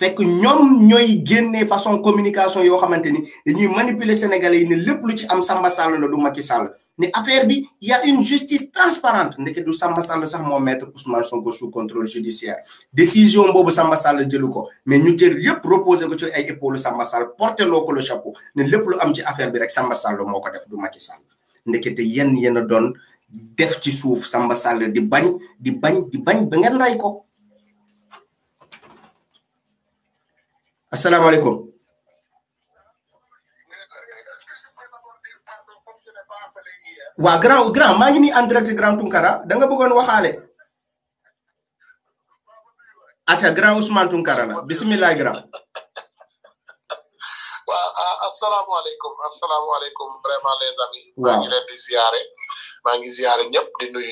fekk ñoom ñooy génnee façon communication yoo xamante ni dañuy manipuler sénégalais yi ne lépp lu ci am Samba Sall la du Macky Sall ne affaire bi y a une justice transparente ndeke du Samba Sall sax moo mettre Ousmane Sonko sous contrôle judiciaire décision boobu Samba Sall jëlu ko mais ñu jël yëpp reposé ko ci ay épaules Samba Sall porté loo ko le chapeau ne lépp lu am ci affaire bi rek Samba Sall moo ko def du Macky Sall ndekete yenn yenn doon def ci suuf Samba Sall di bañ di bañ di bañ ba ngeen ko. asalaamaaleykum. waa grand grand maa ngi nii en grand Tunkara da nga bëggoon waxaale. acca grand Ousmane Tunkara la bisimilah grand. waaw asalaamaaleykum asalaamaaleykum vraiment les amis. maa ngi leen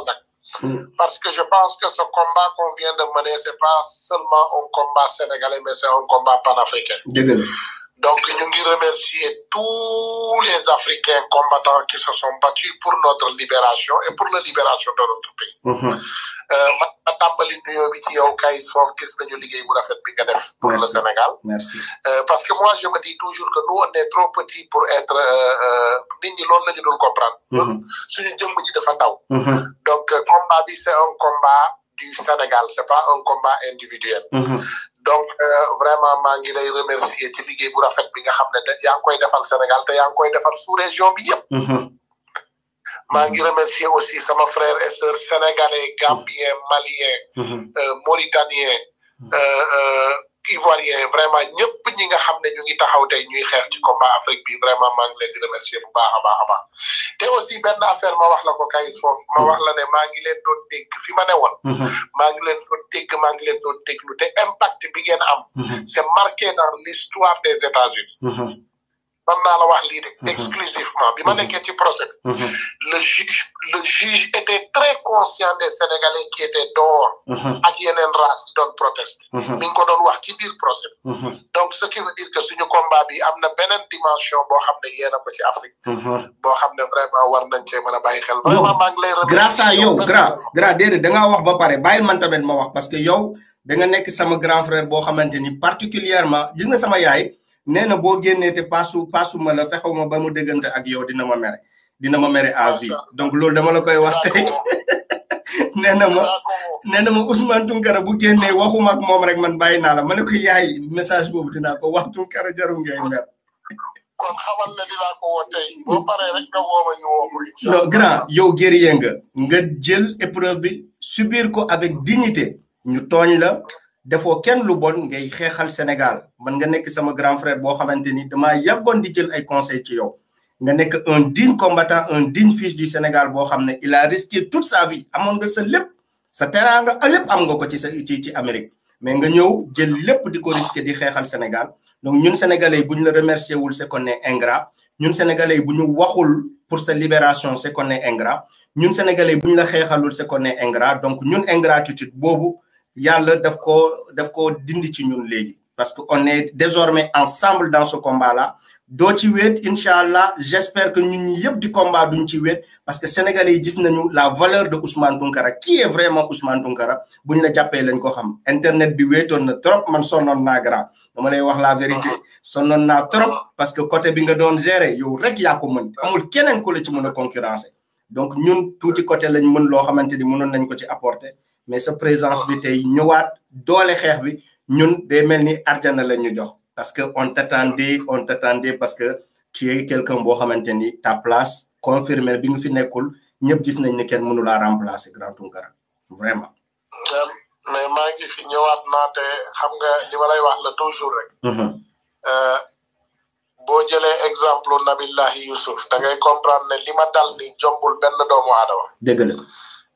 di Mm. Parce que je pense que ce combat qu'on vient de mener, ce n'est pas seulement un combat sénégalais, mais c'est un combat panafricain. Donc, nous remercier tous les Africains combattants qui se sont battus pour notre libération et pour la libération de notre pays. Mm-hmm. Euh, ma tàmbali nuyoo bi ci yow Kayz foofu gis nañu liggéey bu rafet bi nga def. pour le Sénégal. Euh, parce que moi je me dis toujours que nous on trop petit pour être euh, nit ñi loolu la ñu dul comprendre. Mm-hmm. loolu suñu jëmm ji mm-hmm. donc combat du Sénégal c'est pas un combat individuel. donc euh, vraiment maa ngi lay remercier ci liggéey bu rafet bi nga xam ne yaa ngi koy defal Sénégal te yaa ngi koy defal sous région bi yëpp. Mm-hmm. remercier aussi sama frère et sœur sénégalais gambien malien. Mm-hmm. Euh, mauritanien. Mm-hmm. Euh, Ivoiriens vraiment ñëpp ñi nga xam ne ñu ngi taxaw tey ñuy xeex ci combat Afrique bi vraiment maa ngi leen remercier bu baax a baax a baax te aussi benn affaire ma wax ko kay foofu ma wax la ne maa ngi leen doon dégg fi ma ne woon. Mhm. maa le leen doon dégg maa ngi leen doon déglu te impact bi ngeen am. Mhm. c'est marqué dans l'histoire des États-Unis mhm. man naa la wax lii rek. Mhm. exclusivement bi ma mhm. nekkee ci procès bi. Mhm. le juge le juge était très conscient des sénégalais qui étaient dehors. ak yeneen race yi doon protester. mi ngi ko doon wax ci biir procès bi. donc ce qui veut dire que suñu combat bi am na beneen dimension boo xam ne yéen a ko ci Afrique. boo xam ne vraiment war nañ cee mën a bàyyi xel. grâce à yow grand grand déedéet da ngaa wax ba pare bàyyil man tamit ma wax parce que yow da nga nekk sama grand frère boo xamante ni particulièrement gis nga sama yaay. nee na boo génnee te paasu paasuma la fexew ma ba mu déggante ak yow dina ma mere dina ma mere à vie donc loolu dama la koy wax tey nee na ma nee na ma Ousmane Tounkara bu génnee waxuma ak moom rek man bàyyi naa la ma ne ko message boobu dinaa ko wax Tounkara jarul ngay mer. kon xamal na ko woo tey boo paree rek ko non yow guerrier nga nga jël épreuve bi subir ko avec dignité ñu tooñ la. defoo kenn lu bon ngay xéxal Sénégal man nga nek sama grand frère bo xamanteni dama damaa di jël ay conseil ci yow nga nek un digne combattant un digne fils du Sénégal bo xamné il a risqué toute sa vie amoon nga sa lepp sa teraanga lepp am nga ko ci sa ci ci Amérique mais nga ñew jël lepp di ko risqué di xéxal Sénégal donc ñun sénégalais buñ la remercier wul c'est qu'on est ingrat ñun sénégalais buñu waxul pour sa libération c'est qu'on est ingrat ñun sénégalais buñ la xéxalul c'est qu'on est ingrat donc ñun ingratitude bobu Yalla daf ko daf ko dindi ci ñun légui parce que on est désormais ensemble dans ce combat là d'autres ci wéet j'espère que ñun ñi di combat duñ ci wéet parce que sénégalais yi gis nañu la valeur de Ousmane Tounkara qui est vraiment Ousmane Tounkara bu ñu la jappé lañ ko xam internet bi wéetoon na trop man sonon na grand dama lay wax la vérité ah. sonon n'a trop ah. parce que côté bi nga doon gérer yow rek ya ko mën ah. amul kenen ko la ci mëna concurrencer donc ñun tuuti côté lañ mën lo xamanteni mënon nañ ko ci apporter mais sa présence bi tey ñëwaat doole xeex bi ñun day mel ni arjana la ñu jox parce que on t'attendait on t'attendait parce que tu es quelqu'un boo xamante ni ta place confirmé bi nga fi nekkul ñëpp gis nañ ne kenn mënu laa remplacer Grand Tounkara vraiment. Euh, mais maa ngi fi ñëwaat naa te xam nga li ma lay wax la toujours rek. Mhm. Euh, boo jëlee exemple Nabillahi Yusuf da ngay comprendre ne li ma dal ni jombul benn doomu aadama. dëgg la.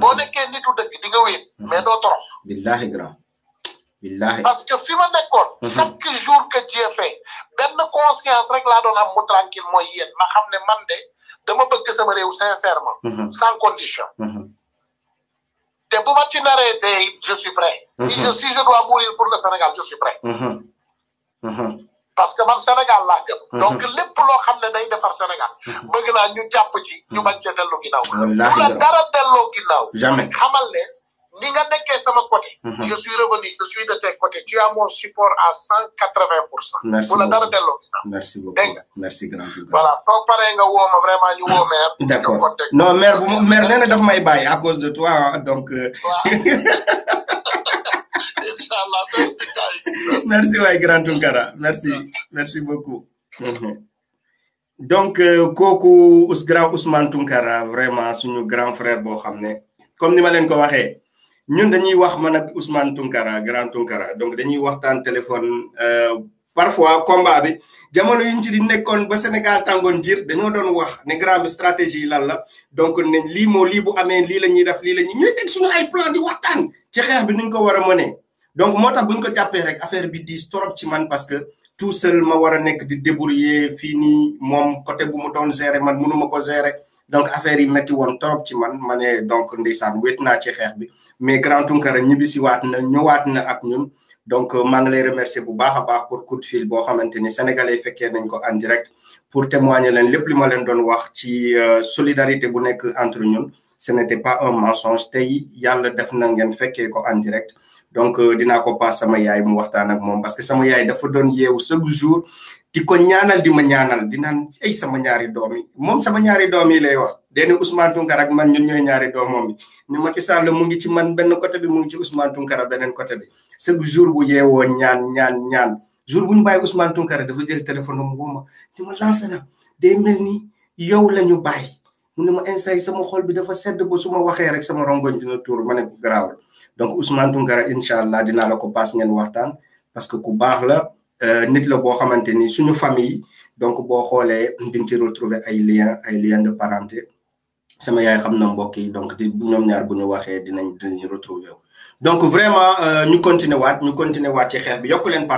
boo nekkee nitu dëgg di nga wéet mais mhm. doo torox billahi grand billahi parce que fi ma nekkoon mhm. chaque jour que Dieu fait benn conscience rek laa doon am suis tranquille suis yéen ma xam ne man de dama bëgg sama réew sincèrement mhm. sans condition te bu ma ci je suis prêt si je si je dois mourir pour le Sénégal je suis prêt parce que man Sénégal laa mhm. donc lépp loo xam ne day defar Sénégal. Mhm. bëgg naa ñu jàpp ci ñu mhm. bañ ca dellu ginnaaw. wallaahi la dara delloo ginnaaw. jamais xamal ne ni nga nekkee sama côté. je suis revenu de tes côtés tu as mon support à cent quatre vingt pour cent. merci beaucoup bu merci beaucoup dégg nga merci grand soo paree nga woo vraiment ñu woo maire. d' accord maire maire nee na may bàyyi à cause de toi donc. Euh, Inch'Allah. Merci, guys. Merci, ouais, Grand Tunkara. Merci. Merci beaucoup. Mm -hmm. donc euh, kooku us Ousmane Tunkara, vraiment suñu grand frère boo xam ne comme ni ma leen ko waxee ñun dañuy wax man ak Ousmane Tounkara grand Tounkara donc dañuy waxtaan téléphone euh, parfois combat bi jamono yuñ ci di nekkoon ba Sénégal tàngoon jir dañoo doon wax ne grand bi stratégie lan la donc ne lii moo lii bu amee lii la ñuy def lii la ñuy ñuy teg suñu ay plan di waxtaan ci xeex bi nuñ ko war a mënee donc moi tax bu ñu ko jàppee rek affaire bi diis torop ci man parce que tout seul ma wara nek di débrouiller fini nii côté bu mu doon gérer man mënu mako gérer donc affaire yi metti won torop ci man mané donc ndeysaan wetna ci xeex bi mais Grand Tounkara ñibbisi wat na ñëwaat na ak ñun donc euh, maa ngi lay remercier bu baax baax pour coup de fil boo xamante sénégalais féké nañ ko en direct pour témoigner leen lepp li ma leen don wax ci euh, solidarité bu nek entre ñun ce n'était pas un mensonge tey yalla def na ngeen féké ko en direct donc euh, dinaa ko paas sama yaay mu waxtaan ak moom parce que sama yaay dafa doon yeewu chaque jour di ko ñaanal di ma ñaanal di naan sama ñaari doom yi moom sama ñaari doom yi lay wax. deni Ousmane Tounkara ak man ñun ñooy ñaari doomam bi ñu Macky Sall mu ngi ci man benn côté bi mu ngi ci Ousmane beneen côté bi chaque jour bu yeewoo ñaan ñaan ñaan jour bu ñu bàyyi Ousmane Tounkara dafa jël téléphone am woo ma di ma lancé na day mel ni yow la ñu bàyyi mu ne ma instant sama xol bi dafa sedd ba su ma waxee rek sama rongoñ dina tuur ma ne ko garaawul donc Ousmane Tounkara inshallah dina dinaa la ko paas ngeen parce que ku baax la euh, nit la bo xamante suñu famille donc bo xolé di ci retrouver ay liens ay liens de parenté sama yaay xamna mbokk yi donc di ñoom ñaar bu ñu waxé dinañ dinañ retrouver donc vraiment euh, ñu continuer waat ñu continuer waat ci xeex bi yokk leen